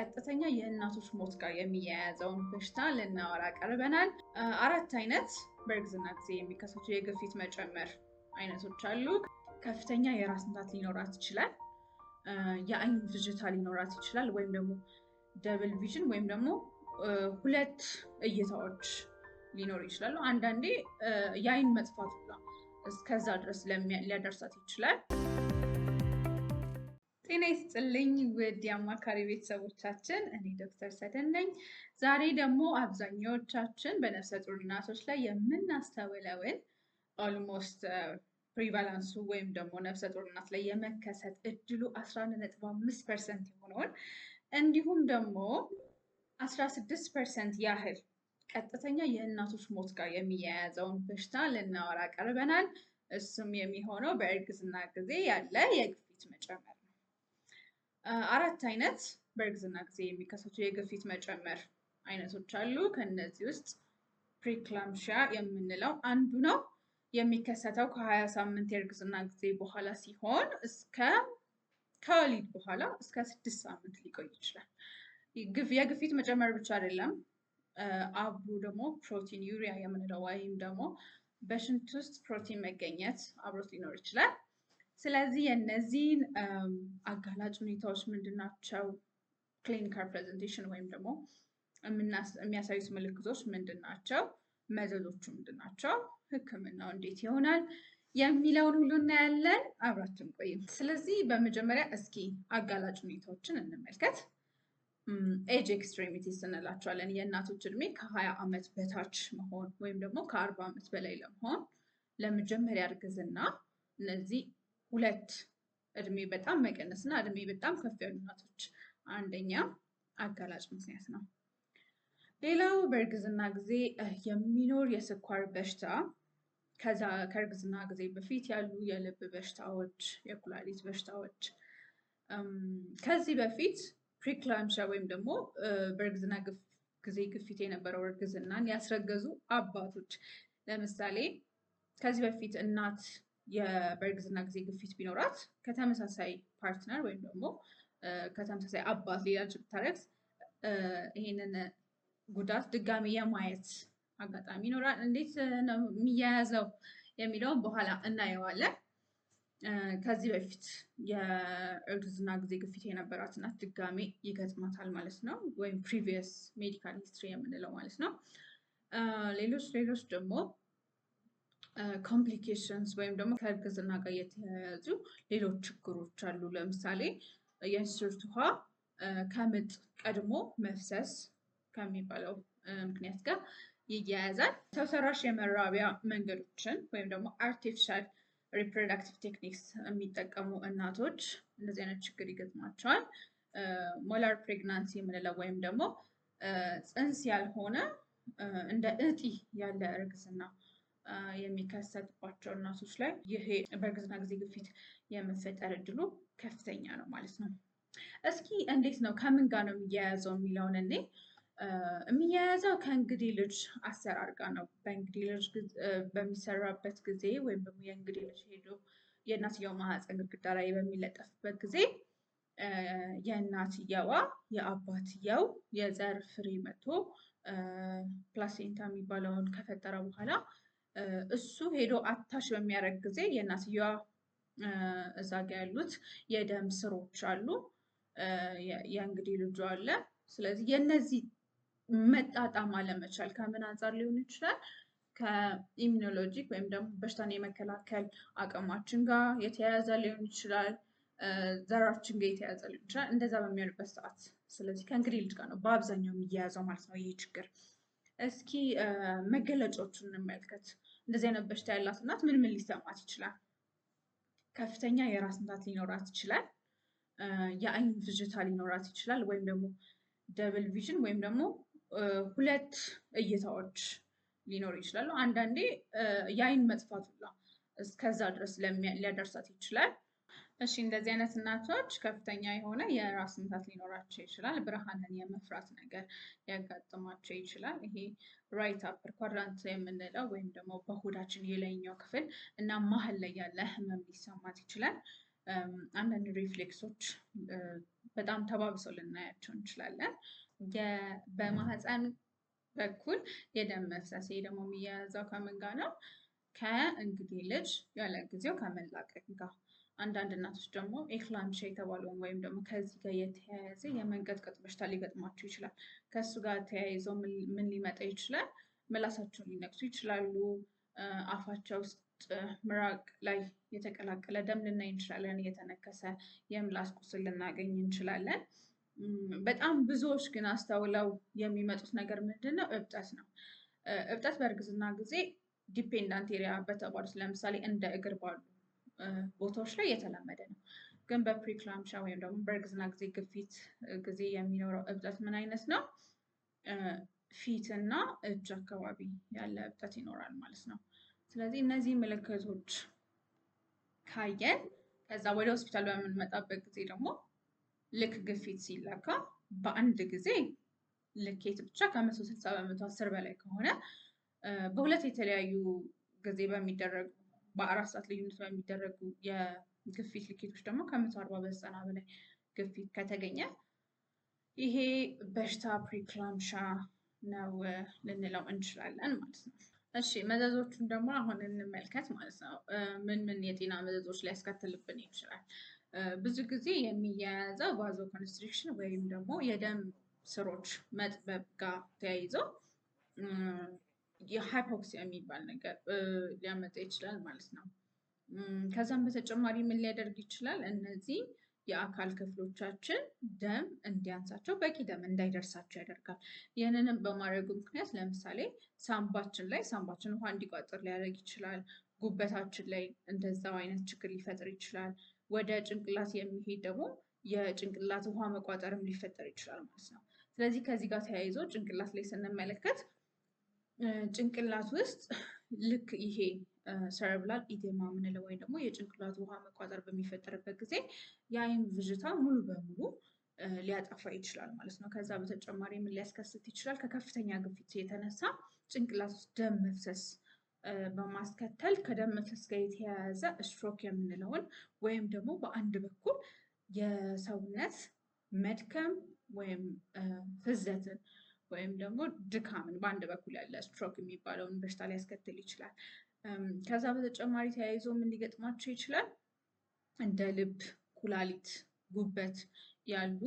ቀጥተኛ የእናቶች ሞት ጋር የሚያያዘውን በሽታ ልናወራ ቀርበናል። አራት አይነት በእርግዝና ጊዜ የሚከሰቱ የግፊት መጨመር አይነቶች አሉ። ከፍተኛ የራስ ምታት ሊኖራት ይችላል። የአይን ብዥታ ሊኖራት ይችላል። ወይም ደግሞ ደብል ቪዥን ወይም ደግሞ ሁለት እይታዎች ሊኖሩ ይችላሉ። አንዳንዴ የአይን መጥፋት እስከዛ ድረስ ሊያደርሳት ይችላል። ጤና ይስጥልኝ ውድ የአማካሪ ቤተሰቦቻችን፣ እኔ ዶክተር ሰደን ነኝ። ዛሬ ደግሞ አብዛኛዎቻችን በነፍሰ ጡር እናቶች ላይ የምናስተውለውን ኦልሞስት ፕሪቫላንሱ uh, ወይም ደግሞ ነፍሰ ጡር እናት ላይ የመከሰት እድሉ አምስት ፐርሰንት የሆነውን እንዲሁም ደግሞ 16 ፐርሰንት ያህል ቀጥተኛ የእናቶች ሞት ጋር የሚያያዘውን በሽታ ልናወራ ቀርበናል። እሱም የሚሆነው በእርግዝና ጊዜ ያለ የግፊት መጨመር አራት አይነት በእርግዝና ጊዜ የሚከሰቱ የግፊት መጨመር አይነቶች አሉ። ከእነዚህ ውስጥ ፕሪክላምሺያ የምንለው አንዱ ነው። የሚከሰተው ከሀያ ሳምንት የእርግዝና ጊዜ በኋላ ሲሆን እስከ ከወሊድ በኋላ እስከ ስድስት ሳምንት ሊቆይ ይችላል። የግፊት መጨመር ብቻ አይደለም፣ አብሮ ደግሞ ፕሮቲን ዩሪያ የምንለው ወይም ደግሞ በሽንት ውስጥ ፕሮቲን መገኘት አብሮት ሊኖር ይችላል። ስለዚህ የእነዚህን አጋላጭ ሁኔታዎች ምንድናቸው? ክሊኒካል ፕሬዘንቴሽን ወይም ደግሞ የሚያሳዩት ምልክቶች ምንድናቸው? መዘዞቹ ምንድናቸው? ህክምናው እንዴት ይሆናል? የሚለውን ሁሉ እናያለን። አብራችን ቆይ። ስለዚህ በመጀመሪያ እስኪ አጋላጭ ሁኔታዎችን እንመልከት። ኤጅ ኤክስትሪሚቲስ እንላቸዋለን። የእናቶች እድሜ ከሀያ ዓመት በታች መሆን ወይም ደግሞ ከአርባ ዓመት በላይ ለመሆን ለመጀመሪያ እርግዝና እነዚህ ሁለት እድሜ በጣም መቀነስ እና እድሜ በጣም ከፍ ያሉ እናቶች አንደኛ አጋላጭ ምክንያት ነው። ሌላው በእርግዝና ጊዜ የሚኖር የስኳር በሽታ ከዛ ከእርግዝና ጊዜ በፊት ያሉ የልብ በሽታዎች፣ የኩላሊት በሽታዎች ከዚህ በፊት ፕሪክላምሻ ወይም ደግሞ በእርግዝና ጊዜ ግፊት የነበረው እርግዝናን ያስረገዙ አባቶች ለምሳሌ ከዚህ በፊት እናት የበእርግዝና ጊዜ ግፊት ቢኖራት ከተመሳሳይ ፓርትነር ወይም ደግሞ ከተመሳሳይ አባት ሌላ ልጅ ብታረግዝ ይሄንን ጉዳት ድጋሚ የማየት አጋጣሚ ይኖራል። እንዴት ነው የሚያያዘው የሚለውን በኋላ እናየዋለን። ከዚህ በፊት የእርግዝና ጊዜ ግፊት የነበራት እናት ድጋሜ ይገጥማታል ማለት ነው፣ ወይም ፕሪቪየስ ሜዲካል ሂስትሪ የምንለው ማለት ነው። ሌሎች ሌሎች ደግሞ ኮምፕሊኬሽንስ ወይም ደግሞ ከእርግዝና ጋር የተያያዙ ሌሎች ችግሮች አሉ። ለምሳሌ የእንስርት ውሃ ከምጥ ቀድሞ መፍሰስ ከሚባለው ምክንያት ጋር ይያያዛል። ሰው ሰራሽ የመራቢያ መንገዶችን ወይም ደግሞ አርቲፊሻል ሪፕሮዳክቲቭ ቴክኒክስ የሚጠቀሙ እናቶች እንደዚህ አይነት ችግር ይገጥማቸዋል። ሞላር ፕሬግናንሲ የምንለው ወይም ደግሞ ጽንስ ያልሆነ እንደ እጢ ያለ እርግዝና የሚከሰትባቸው እናቶች ላይ ይሄ በእርግዝና ጊዜ ግፊት የመፈጠር እድሉ ከፍተኛ ነው ማለት ነው። እስኪ እንዴት ነው ከምን ጋር ነው የሚያያዘው የሚለውን እኔ የሚያያዘው ከእንግዲህ ልጅ አሰራር ጋር ነው። በእንግዲህ ልጅ በሚሰራበት ጊዜ ወይም ደግሞ የእንግዲህ ልጅ ሄዶ የእናትየው ማህፀን ግድግዳ ላይ በሚለጠፍበት ጊዜ የእናትየዋ የአባትየው የዘር ፍሬ መጥቶ ፕላሴንታ የሚባለውን ከፈጠረ በኋላ እሱ ሄዶ አታች በሚያደርግ ጊዜ የእናትየዋ እዛ ጋ ያሉት የደም ስሮች አሉ። የእንግዲህ ልጁ አለ። ስለዚህ የነዚህ መጣጣም አለመቻል ከምን አንጻር ሊሆን ይችላል? ከኢሚኖሎጂክ ወይም ደግሞ በሽታን የመከላከል አቅማችን ጋር የተያያዘ ሊሆን ይችላል። ዘራችን ጋር የተያያዘ ሊሆን ይችላል። እንደዛ በሚሆንበት ሰዓት ስለዚህ ከእንግዲህ ልጅ ጋር ነው በአብዛኛው የሚያያዘው ማለት ነው ይህ ችግር። እስኪ መገለጫዎቹን እንመልከት። እንደዚህ አይነት በሽታ ያላት እናት ምን ምን ሊሰማት ይችላል? ከፍተኛ የራስ ምታት ሊኖራት ይችላል። የአይን ፍጅታ ሊኖራት ይችላል። ወይም ደግሞ ደብል ቪዥን ወይም ደግሞ ሁለት እይታዎች ሊኖር ይችላሉ። አንዳንዴ የአይን መጥፋት ሁላ እስከዛ ድረስ ሊያደርሳት ይችላል። እሺ እንደዚህ አይነት እናቶች ከፍተኛ የሆነ የራስ ምታት ሊኖራቸው ይችላል። ብርሃንን የመፍራት ነገር ሊያጋጥማቸው ይችላል። ይሄ ራይት አፕር ኳድራንት የምንለው ወይም ደግሞ በሆዳችን የላይኛው ክፍል እና መሀል ላይ ያለ ህመም ሊሰማት ይችላል። አንዳንድ ሪፍሌክሶች በጣም ተባብሰው ልናያቸው እንችላለን። በማህፀን በኩል የደም መፍሰስ ይሄ ደግሞ የሚያያዘው ከምን ጋር ነው? ከእንግዲህ ልጅ ያለ ጊዜው ከመላቀቅ ጋር አንዳንድ እናቶች ደግሞ ኤክላምሻ የተባለውን ወይም ደግሞ ከዚህ ጋር የተያያዘ የመንቀጥቀጥ በሽታ ሊገጥማቸው ይችላል። ከእሱ ጋር ተያይዘው ምን ሊመጣ ይችላል? ምላሳቸውን ሊነቅሱ ይችላሉ። አፋቸው ውስጥ ምራቅ ላይ የተቀላቀለ ደም ልናይ እንችላለን። እየተነከሰ የምላስ ቁስል ልናገኝ እንችላለን። በጣም ብዙዎች ግን አስተውለው የሚመጡት ነገር ምንድን ነው? እብጠት ነው። እብጠት በእርግዝና ጊዜ ዲፔንዳንት ኤሪያ በተባሉት ለምሳሌ እንደ እግር ባሉ ቦታዎች ላይ የተለመደ ነው። ግን በፕሪክላምሻ ወይም ደግሞ በእርግዝና ጊዜ ግፊት ጊዜ የሚኖረው እብጠት ምን አይነት ነው? ፊት እና እጅ አካባቢ ያለ እብጠት ይኖራል ማለት ነው። ስለዚህ እነዚህ ምልክቶች ካየን ከዛ ወደ ሆስፒታል በምንመጣበት ጊዜ ደግሞ ልክ ግፊት ሲለካ በአንድ ጊዜ ልኬት ብቻ ከመቶ ስልሳ በመቶ አስር በላይ ከሆነ በሁለት የተለያዩ ጊዜ በሚደረጉ በአራት ሰዓት ልዩነት የሚደረጉ የግፊት ልኬቶች ደግሞ ከመቶ አርባ በዘጠና በላይ ግፊት ከተገኘ ይሄ በሽታ ፕሪክላምሻ ነው ልንለው እንችላለን ማለት ነው። እሺ መዘዞቹን ደግሞ አሁን እንመልከት ማለት ነው። ምን ምን የጤና መዘዞች ሊያስከትልብን ይችላል? ብዙ ጊዜ የሚያያዘው ቫዞ ኮንስትሪክሽን ወይም ደግሞ የደም ስሮች መጥበብ ጋር ተያይዘው? የሃይፖክሲያ የሚባል ነገር ሊያመጣ ይችላል ማለት ነው። ከዛም በተጨማሪ ምን ሊያደርግ ይችላል? እነዚህ የአካል ክፍሎቻችን ደም እንዲያንሳቸው በቂ ደም እንዳይደርሳቸው ያደርጋል። ይህንንም በማድረጉ ምክንያት ለምሳሌ ሳምባችን ላይ ሳምባችን ውሃ እንዲቋጥር ሊያደርግ ይችላል። ጉበታችን ላይ እንደዛው አይነት ችግር ሊፈጥር ይችላል። ወደ ጭንቅላት የሚሄድ ደግሞ የጭንቅላት ውሃ መቋጠርም ሊፈጠር ይችላል ማለት ነው። ስለዚህ ከዚህ ጋር ተያይዞ ጭንቅላት ላይ ስንመለከት ጭንቅላት ውስጥ ልክ ይሄ ሰረብላል ኢዴማ የምንለው ወይም ደግሞ የጭንቅላት ውሃ መቋጠር በሚፈጠርበት ጊዜ የአይን ብዥታ ሙሉ በሙሉ ሊያጠፋ ይችላል ማለት ነው። ከዛ በተጨማሪ ምን ሊያስከስት ይችላል? ከከፍተኛ ግፊት የተነሳ ጭንቅላት ውስጥ ደም መፍሰስ በማስከተል ከደም መፍሰስ ጋር የተያያዘ ስትሮክ የምንለውን ወይም ደግሞ በአንድ በኩል የሰውነት መድከም ወይም ፍዘትን ወይም ደግሞ ድካምን በአንድ በኩል ያለ ስትሮክ የሚባለውን በሽታ ሊያስከትል ይችላል። ከዛ በተጨማሪ ተያይዞ ምን ሊገጥማቸው ይችላል? እንደ ልብ፣ ኩላሊት፣ ጉበት ያሉ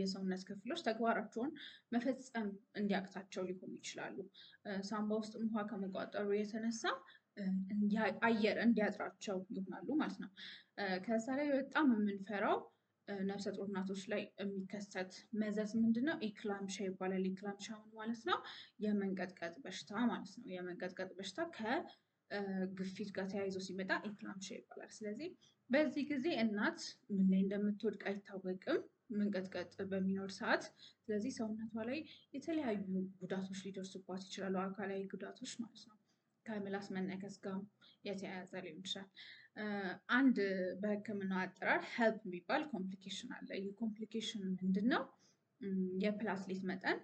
የሰውነት ክፍሎች ተግባራቸውን መፈጸም እንዲያቅታቸው ሊሆኑ ይችላሉ። ሳምባ ውስጥ ውሃ ከመቋጠሩ የተነሳ አየር እንዲያጥራቸው ይሆናሉ ማለት ነው። ከዛ ላይ በጣም የምንፈራው ነፍሰ ጡር እናቶች ላይ የሚከሰት መዘዝ ምንድን ነው? ኤክላምሻ ይባላል። ኤክላምሻ ማለት ነው? የመንቀጥቀጥ በሽታ ማለት ነው። የመንቀጥቀጥ በሽታ ከግፊት ጋር ተያይዞ ሲመጣ ኢክላምሻ ይባላል። ስለዚህ በዚህ ጊዜ እናት ምን ላይ እንደምትወድቅ አይታወቅም መንቀጥቀጥ በሚኖር ሰዓት። ስለዚህ ሰውነቷ ላይ የተለያዩ ጉዳቶች ሊደርሱባት ይችላሉ፣ አካላዊ ጉዳቶች ማለት ነው። ከምላስ መነከስ ጋር የተያያዘ ሊሆን ይችላል። አንድ በህክምና አጠራር ሄልፕ የሚባል ኮምፕሊኬሽን አለ። ይህ ኮምፕሊኬሽን ምንድን ነው? የፕላትሌት መጠን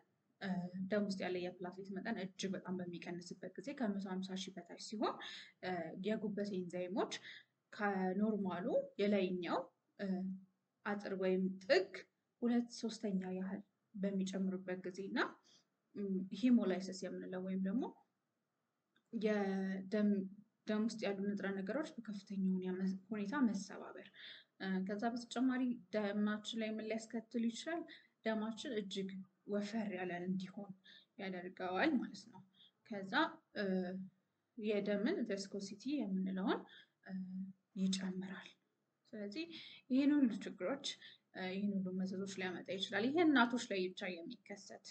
ደም ውስጥ ያለ የፕላትሌት መጠን እጅግ በጣም በሚቀንስበት ጊዜ ከመቶ ሃምሳ ሺህ በታች ሲሆን የጉበት ኤንዛይሞች ከኖርማሉ የላይኛው አጥር ወይም ጥግ ሁለት ሶስተኛ ያህል በሚጨምሩበት ጊዜ እና ሂሞላይሰስ የምንለው ወይም ደግሞ የደም ደም ውስጥ ያሉ ንጥረ ነገሮች በከፍተኛ ሁኔታ መሰባበር። ከዛ በተጨማሪ ደማችን ላይ ምን ሊያስከትል ይችላል? ደማችን እጅግ ወፈር ያለ እንዲሆን ያደርገዋል ማለት ነው። ከዛ የደምን ቬስኮሲቲ የምንለውን ይጨምራል። ስለዚህ ይህን ሁሉ ችግሮች ይህን ሁሉ መዘዞች ሊያመጣ ይችላል። ይህ እናቶች ላይ ብቻ የሚከሰት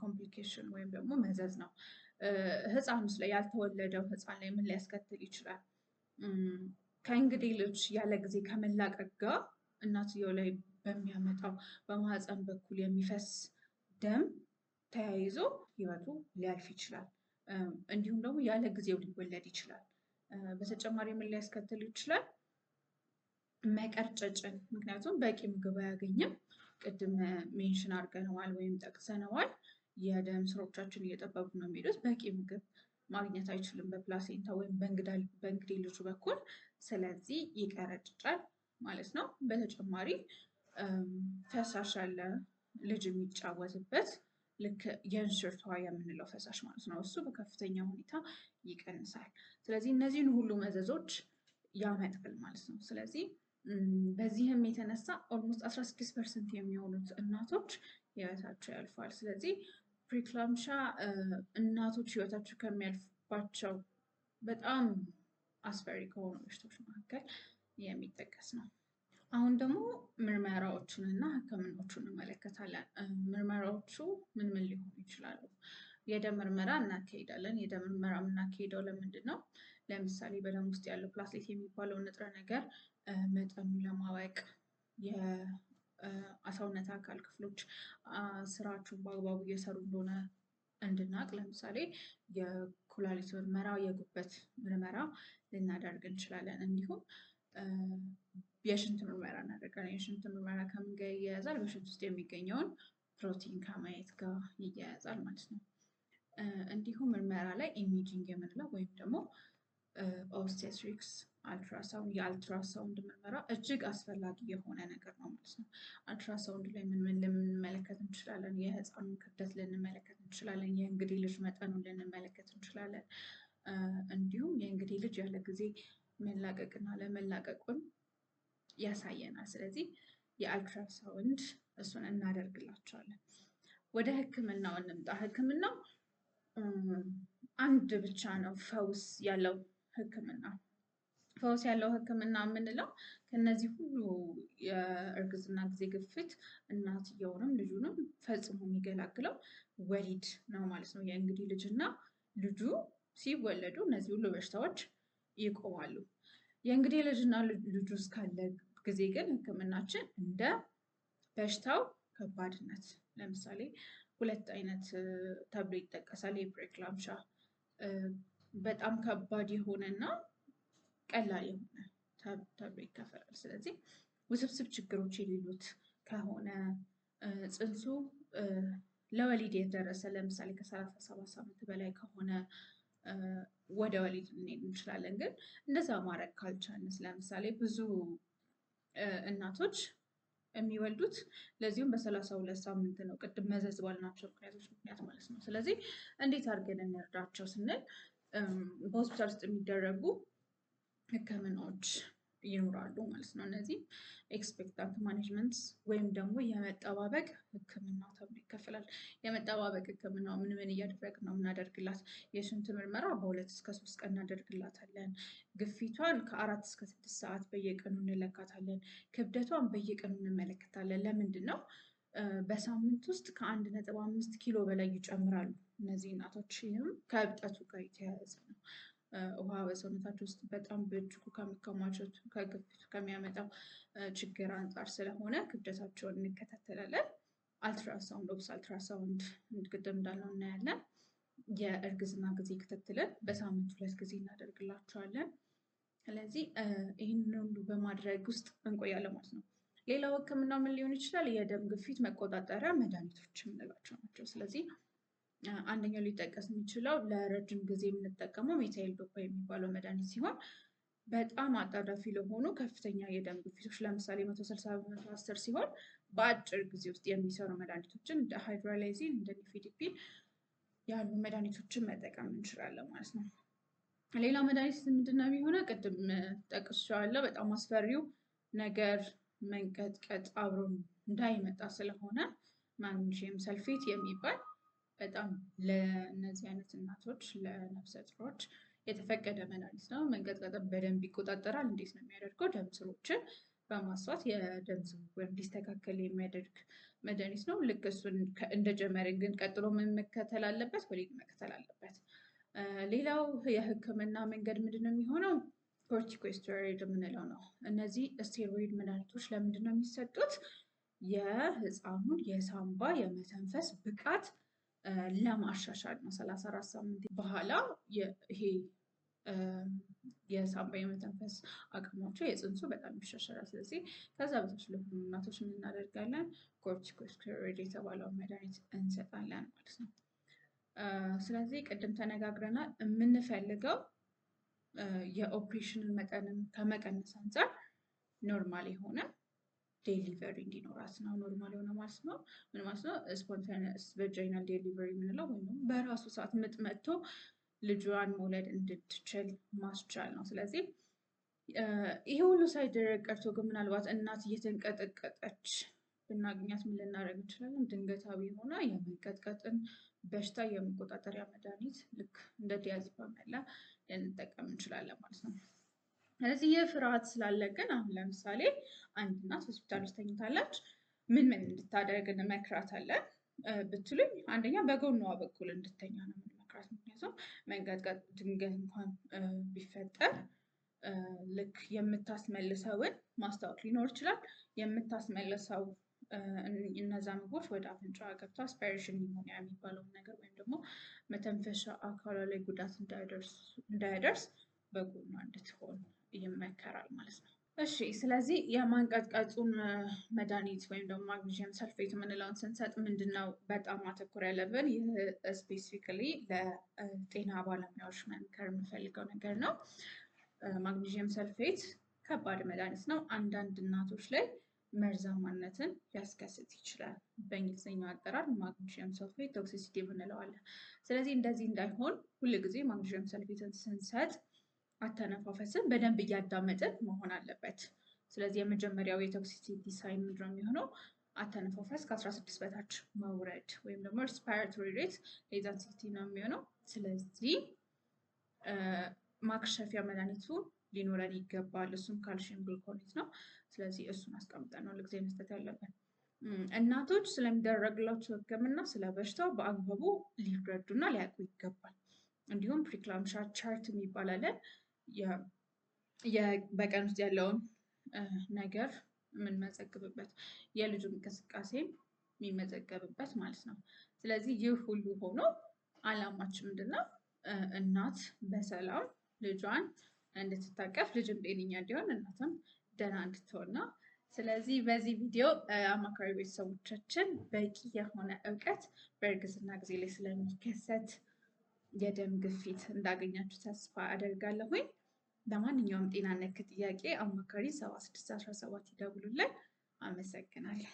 ኮምፕሊኬሽን ወይም ደግሞ መዘዝ ነው። ህፃኑስ ላይ ያልተወለደው ህፃን ላይ ምን ሊያስከትል ይችላል? ከእንግዲህ ልጅ ያለ ጊዜ ከመላቀቅ ጋር እናትየው ላይ በሚያመጣው በማህፀን በኩል የሚፈስ ደም ተያይዞ ህይወቱ ሊያልፍ ይችላል። እንዲሁም ደግሞ ያለ ጊዜው ሊወለድ ይችላል። በተጨማሪ ምን ሊያስከትል ይችላል? መቀርጨጭን። ምክንያቱም በቂ ምግብ አያገኝም። ቅድም ሜንሽን አድርገነዋል ወይም ጠቅሰነዋል። የደም ስሮቻችን እየጠበቡ ነው የሚሄዱት። በቂ ምግብ ማግኘት አይችልም በፕላሴንታ ወይም በእንግዴ ልጁ በኩል ስለዚህ ይቀረጭጫል ማለት ነው። በተጨማሪ ፈሳሽ ያለ ልጅ የሚጫወትበት ልክ የእንሽርት ውሃ የምንለው ፈሳሽ ማለት ነው። እሱ በከፍተኛ ሁኔታ ይቀንሳል። ስለዚህ እነዚህን ሁሉ መዘዞች ያመጣል ማለት ነው። ስለዚህ በዚህም የተነሳ ኦልሞስት 16 ፐርሰንት የሚሆኑት እናቶች ህይወታቸው ያልፋል። ስለዚህ ፕሪክላምሻ እናቶች ህይወታቸው ከሚያልፍባቸው በጣም አስፈሪ ከሆኑ በሽታዎች መካከል የሚጠቀስ ነው። አሁን ደግሞ ምርመራዎቹን እና ህክምናዎቹን እንመለከታለን። ምርመራዎቹ ምን ምን ሊሆኑ ይችላሉ? የደም ምርመራ እናካሄዳለን። የደም ምርመራ የምናካሄደው ለምንድን ነው? ለምሳሌ በደም ውስጥ ያለው ፕላትሌት የሚባለው ንጥረ ነገር መጠኑን ለማወቅ የሰውነት አካል ክፍሎች ስራቸውን በአግባቡ እየሰሩ እንደሆነ እንድናቅ ለምሳሌ የኩላሊት ምርመራ፣ የጉበት ምርመራ ልናደርግ እንችላለን። እንዲሁም የሽንት ምርመራ እናደርጋለን። የሽንት ምርመራ ከምን ጋር ይያያዛል? በሽንት ውስጥ የሚገኘውን ፕሮቲን ከማየት ጋር ይያያዛል ማለት ነው። እንዲሁም ምርመራ ላይ ኢሚጂንግ የምንለው ወይም ደግሞ ኦብስቴትሪክስ አልትራሳውንድ የአልትራሳውንድ ምርመራ እጅግ አስፈላጊ የሆነ ነገር ነው ማለት ነው። አልትራሳውንድ ላይ ምን ምን ልንመለከት እንችላለን? የህፃኑን ክብደት ልንመለከት እንችላለን። የእንግዴ ልጅ መጠኑን ልንመለከት እንችላለን። እንዲሁም የእንግዴ ልጅ ያለ ጊዜ መላቀቅና ለመላቀቁን ያሳየናል። ስለዚህ የአልትራሳውንድ እሱን እናደርግላቸዋለን። ወደ ህክምናው እንምጣ። ህክምናው አንድ ብቻ ነው ፈውስ ያለው ህክምና ፈውስ ያለው ህክምና የምንለው ከነዚህ ሁሉ የእርግዝና ጊዜ ግፊት እናትየውንም ልጁንም ፈጽሞ የሚገላግለው ወሊድ ነው ማለት ነው። የእንግዲህ ልጅና ልጁ ሲወለዱ እነዚህ ሁሉ በሽታዎች ይቆማሉ። የእንግዲህ ልጅና ልጁ እስካለ ጊዜ ግን ህክምናችን እንደ በሽታው ከባድነት ለምሳሌ ሁለት አይነት ተብሎ ይጠቀሳል። የፕሬክላምሻ በጣም ከባድ እና ቀላል የሆነ ተብሎ ይከፈላል። ስለዚህ ውስብስብ ችግሮች የሌሉት ከሆነ ጽንሱ ለወሊድ የደረሰ ለምሳሌ ከሰላሳ ሰባት ሳምንት በላይ ከሆነ ወደ ወሊድ ልንሄድ እንችላለን። ግን እንደዛ ማድረግ ካልቻልንስ ለምሳሌ ብዙ እናቶች የሚወልዱት ለዚሁም በሰላሳ ሁለት ሳምንት ነው፣ ቅድም መዘዝ ባልናቸው ምክንያቶች ምክንያት ማለት ነው። ስለዚህ እንዴት አድርገን እንርዳቸው ስንል በሆስፒታል ውስጥ የሚደረጉ ህክምናዎች ይኖራሉ ማለት ነው። እነዚህ ኤክስፔክታንት ማኔጅመንት ወይም ደግሞ የመጠባበቅ ህክምና ተብሎ ይከፈላል። የመጠባበቅ ህክምና ምን ምን እያደረግ ነው የምናደርግላት? የሽንት ምርመራ በሁለት እስከ ሶስት ቀን እናደርግላታለን። ግፊቷን ከአራት እስከ ስድስት ሰዓት በየቀኑ እንለካታለን። ክብደቷን በየቀኑ እንመለከታለን። ለምንድን ነው በሳምንት ውስጥ ከአንድ ነጥብ አምስት ኪሎ በላይ ይጨምራሉ እነዚህ እናቶች ይህም ከእብጠቱ ጋር የተያያዘ ነው። ውሃ በሰውነታቸው ውስጥ በጣም በእጅጉ ከሚከማቸቱ ከግፊቱ ከሚያመጣው ችግር አንጻር ስለሆነ ክብደታቸውን እንከታተላለን። አልትራሳውንድ ኦብስ አልትራሳውንድ ቅድም እንዳለው እናያለን። የእርግዝና ጊዜ ክትትልን በሳምንት ሁለት ጊዜ እናደርግላቸዋለን። ስለዚህ ይህንን ሁሉ በማድረግ ውስጥ እንቆያለን ማለት ነው። ሌላው ሕክምና ምን ሊሆን ይችላል? የደም ግፊት መቆጣጠሪያ መድኃኒቶች የምንላቸው ናቸው። ስለዚህ አንደኛው ሊጠቀስ የሚችለው ለረጅም ጊዜ የምንጠቀመው ሜታይል ዶፓ የሚባለው መድኃኒት ሲሆን በጣም አጣዳፊ ለሆኑ ከፍተኛ የደም ግፊቶች ለምሳሌ መቶ ስልሳ በመቶ አስር ሲሆን በአጭር ጊዜ ውስጥ የሚሰሩ መድኃኒቶችን እንደ ሃይድራላይዚን እንደ ኒፊዲፒን ያሉ መድኃኒቶችን መጠቀም እንችላለን ማለት ነው። ሌላ መድኃኒት ምንድነው የሚሆነው? ቅድም ጠቅሻለሁ። በጣም አስፈሪው ነገር መንቀጥቀጥ አብሮ እንዳይመጣ ስለሆነ ማግኒዥየም ሰልፌት የሚባል በጣም ለእነዚህ አይነት እናቶች ለነፍሰ ጥሮች የተፈቀደ መድኃኒት ነው። መንቀጥቀጥን በደንብ ይቆጣጠራል። እንዴት ነው የሚያደርገው? ደም ስሮችን በማስዋት የደም ዝውውር እንዲስተካከል የሚያደርግ መድኃኒት ነው። ልክ እሱን እንደጀመርን ግን ቀጥሎ ምን መከተል አለበት? ወሊድ መከተል አለበት። ሌላው የህክምና መንገድ ምንድን ነው የሚሆነው? ኮርቲኮስቴሮይድ የምንለው ነው። እነዚህ ስቴሮይድ መድኃኒቶች ለምንድን ነው የሚሰጡት? የህፃኑን የሳምባ የመተንፈስ ብቃት ለማሻሻል ነው። ሰላሳ ሳምንት በኋላ ይሄ የሳንባ የመተንፈስ አቅማቸው የፅንሱ በጣም ይሻሻላል። ስለዚህ ከዛ በታች ለሆኑ እናቶች ምን እናደርጋለን? ኮርቲኮስቴሮይድ የተባለውን መድኃኒት እንሰጣለን ማለት ነው። ስለዚህ ቅድም ተነጋግረናል። የምንፈልገው የኦፕሬሽንን መጠንን ከመቀነስ አንጻር ኖርማል የሆነ ዴሊቨሪ እንዲኖራት ነው። ኖርማል የሆነ ማለት ነው ምን ማለት ነው ስፖንታኒስ ቨጃይናል ዴሊቨሪ የምንለው ወይም በራሱ ሰዓት ምጥ መጥቶ ልጇን መውለድ እንድትችል ማስቻል ነው። ስለዚህ ይሄ ሁሉ ሳይደረግ ቀርቶ ግን ምናልባት እናት እየተንቀጠቀጠች ብናገኛት ምን ልናደርግ እንችላለን? ድንገታዊ የሆነ የመንቀጥቀጥን በሽታ የመቆጣጠሪያ መድኃኒት ልክ እንደ ዲያዚፓም ያለ ልንጠቀም እንችላለን ማለት ነው። ስለዚህ ይህ ፍርሃት ስላለ ግን አሁን ለምሳሌ አንድ እናት ሆስፒታል ውስጥ ተኝታለች፣ ምን ምን እንድታደርግ እንመክራታለን ብትሉኝ፣ አንደኛ በጎኗ በኩል እንድተኛ ነው የምንመክራት። ምክንያቱም መንቀጥቀጥ ድንገት እንኳን ቢፈጠር ልክ የምታስመልሰውን ማስታወቅ ሊኖር ይችላል። የምታስመልሰው እነዛ ምግቦች ወደ አፍንጫ ገብቶ አስፓይሬሽን ኒሞኒያ የሚባለውን ነገር ወይም ደግሞ መተንፈሻ አካሏ ላይ ጉዳት እንዳያደርስ በጎኗ እንድትሆን ይመከራል ማለት ነው። እሺ ስለዚህ የማንቀጥቀጡን መድኃኒት ወይም ደግሞ ማግኒዥየም ሰልፌት የምንለውን ስንሰጥ ምንድን ነው በጣም አተኩር ያለብን? ይህ ስፔሲፊካሊ ለጤና ባለሙያዎች መምከር የምፈልገው ነገር ነው። ማግኒዥየም ሰልፌት ከባድ መድኃኒት ነው። አንዳንድ እናቶች ላይ መርዛማነትን ሊያስከስት ይችላል። በእንግሊዝኛው አጠራር ማግኒዥየም ሰልፌት ቶክሲሲቲ የምንለዋለን። ስለዚህ እንደዚህ እንዳይሆን ሁልጊዜ ማግኒዥየም ሰልፌትን ስንሰጥ አተነፋፈስን በደንብ እያዳመጥን መሆን አለበት። ስለዚህ የመጀመሪያው የቶክሲሲቲ ሳይን ምንድነው የሚሆነው? አተነፋፈስ ከ16 በታች መውረድ ወይም ደግሞ ሪስፓራቶሪ ሬት ሌዛን ሲቲ ነው የሚሆነው። ስለዚህ ማክሸፊያ መድኃኒቱ ሊኖረን ይገባል። እሱም ካልሽየም ግሉኮኔት ነው። ስለዚህ እሱን አስቀምጠን ነው ለጊዜ መስጠት ያለብን። እናቶች ስለሚደረግላቸው ሕክምና ስለ በሽታው በአግባቡ ሊረዱና ሊያውቁ ይገባል። እንዲሁም ፕሪክላምሻ ቻርት የሚባል አለን። በቀን ውስጥ ያለውን ነገር የምንመዘግብበት የልጁ እንቅስቃሴ የሚመዘገብበት ማለት ነው። ስለዚህ ይህ ሁሉ ሆኖ አላማችን ምንድነው? እናት በሰላም ልጇን እንድትታቀፍ ልጅም ጤነኛ እንዲሆን እናትም ደህና እንድትሆንና ስለዚህ በዚህ ቪዲዮ አማካሪ ቤተሰቦቻችን በቂ የሆነ እውቀት በእርግዝና ጊዜ ላይ ስለሚከሰት የደም ግፊት እንዳገኛችሁ ተስፋ አደርጋለሁኝ። ለማንኛውም ጤና ነክ ጥያቄ አማካሪ 7617 ይደውሉልን። አመሰግናለሁ።